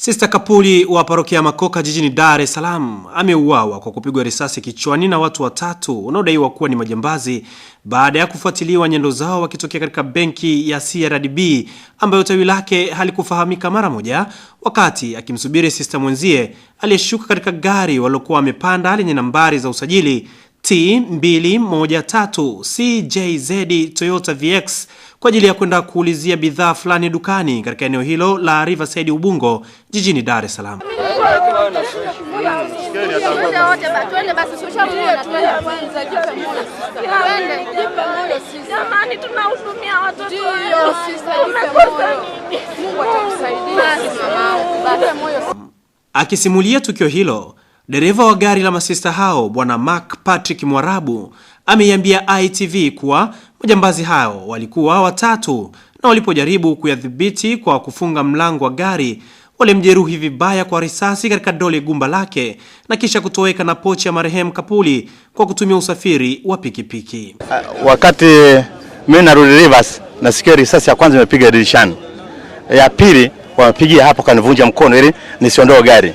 Sista Kapuli wa parokia Makoka jijini Dar es Salaam ameuawa kwa kupigwa risasi kichwani na watu watatu wanaodaiwa kuwa ni majambazi baada ya kufuatiliwa nyendo zao wakitokea katika benki ya CRDB ambayo tawi lake halikufahamika mara moja, wakati akimsubiri sista mwenzie aliyeshuka katika gari waliokuwa wamepanda lenye nambari za usajili T213 CJZ Toyota VX kwa ajili ya kwenda kuulizia bidhaa fulani dukani katika eneo hilo la Riverside Ubungo jijini Dar es Salaam. Akisimulia tukio hilo Dereva wa gari la masista hao Bwana Mark Patrick Mwarabu ameiambia ITV kuwa majambazi hao walikuwa watatu na walipojaribu kuyadhibiti kwa kufunga mlango wa gari walimjeruhi vibaya kwa risasi katika dole gumba lake na kisha kutoweka na pochi ya marehemu Kapuli kwa kutumia usafiri wa pikipiki. Ah, wakati mimi narudi Rivers, nasikia risasi ya kwanza imepiga dirishani, ya pili wamepigia hapo, kanivunja mkono ili nisiondoe gari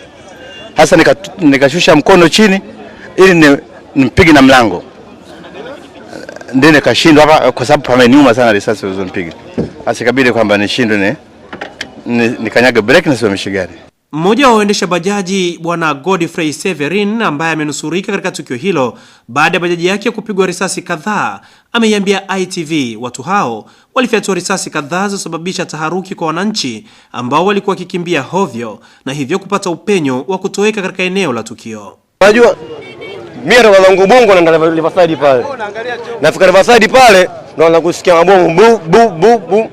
hasa nikashusha mkono chini ili nimpige na mlango, ndio nikashindwa hapa, kwa sababu pameniuma sana risasi zilizonipiga. Basi ikabidi kwamba nishindwe nikanyaga breki na nisimamishe gari. Mmoja wa waendesha bajaji Bwana Godfrey Severin ambaye amenusurika katika tukio hilo baada ya bajaji yake kupigwa risasi kadhaa, ameiambia ITV watu hao walifyatua risasi kadhaa zilizosababisha taharuki kwa wananchi ambao walikuwa wakikimbia hovyo na hivyo kupata upenyo wa kutoweka katika eneo la tukio. Unajua mimi ndo mwanangu Bongo ndio Riverside pale. Nafika Riverside pale ndo naanza mabomu bu bu bu bu.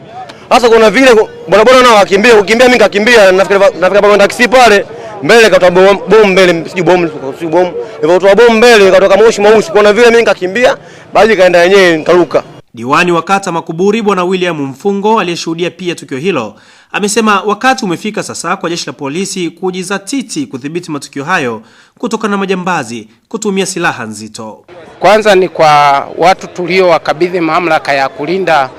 Sasa kuna vile bodaboda nao akimbia kukimbia, mimi nikakimbia, nafikiri nafikiri pa taksi pale mbele, katoa bom mbele, sijui bomu sijui hivyo nilipotoa bom mbele nikatoka moshi mweusi. Kuna vile mimi nikakimbia, baadhi kaenda yenyewe nikaruka. Diwani wa kata Makuburi Bwana William Mfungo aliyeshuhudia pia tukio hilo amesema wakati umefika sasa kwa jeshi la polisi kujizatiti kudhibiti matukio hayo kutokana na majambazi kutumia silaha nzito. Kwanza ni kwa watu tulio wakabidhi mamlaka ya kulinda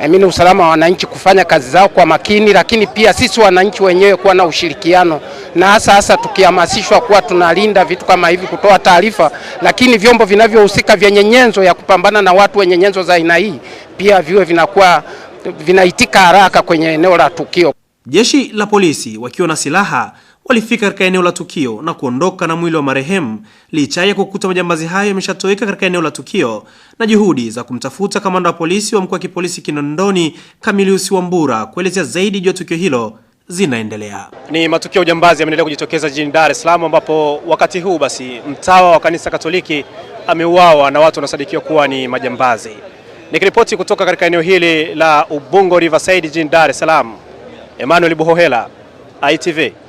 I mean, usalama wa wananchi kufanya kazi zao kwa makini, lakini pia sisi wananchi wenyewe kuwa na ushirikiano na hasa hasa tukihamasishwa kuwa tunalinda vitu kama hivi, kutoa taarifa, lakini vyombo vinavyohusika vyenye nyenzo ya kupambana na watu wenye nyenzo za aina hii pia viwe vinakuwa vinaitika haraka kwenye eneo la tukio. Jeshi la polisi wakiwa na silaha walifika katika eneo la tukio na kuondoka na mwili wa marehemu licha ya kukuta majambazi hayo yameshatoweka katika eneo la tukio, na juhudi za kumtafuta kamanda wa polisi wa mkoa wa kipolisi Kinondoni kamiliusi Wambura kuelezea zaidi juu ya tukio hilo zinaendelea. Ni matukio ya ujambazi yameendelea kujitokeza jijini Dar es Salaam, ambapo wakati huu basi mtawa wa kanisa Katoliki ameuawa na watu wanaosadikiwa kuwa ni majambazi. Nikiripoti kutoka katika eneo hili la Ubungo Riverside jijini Dar es Salaam, Emmanuel Buhohela, ITV.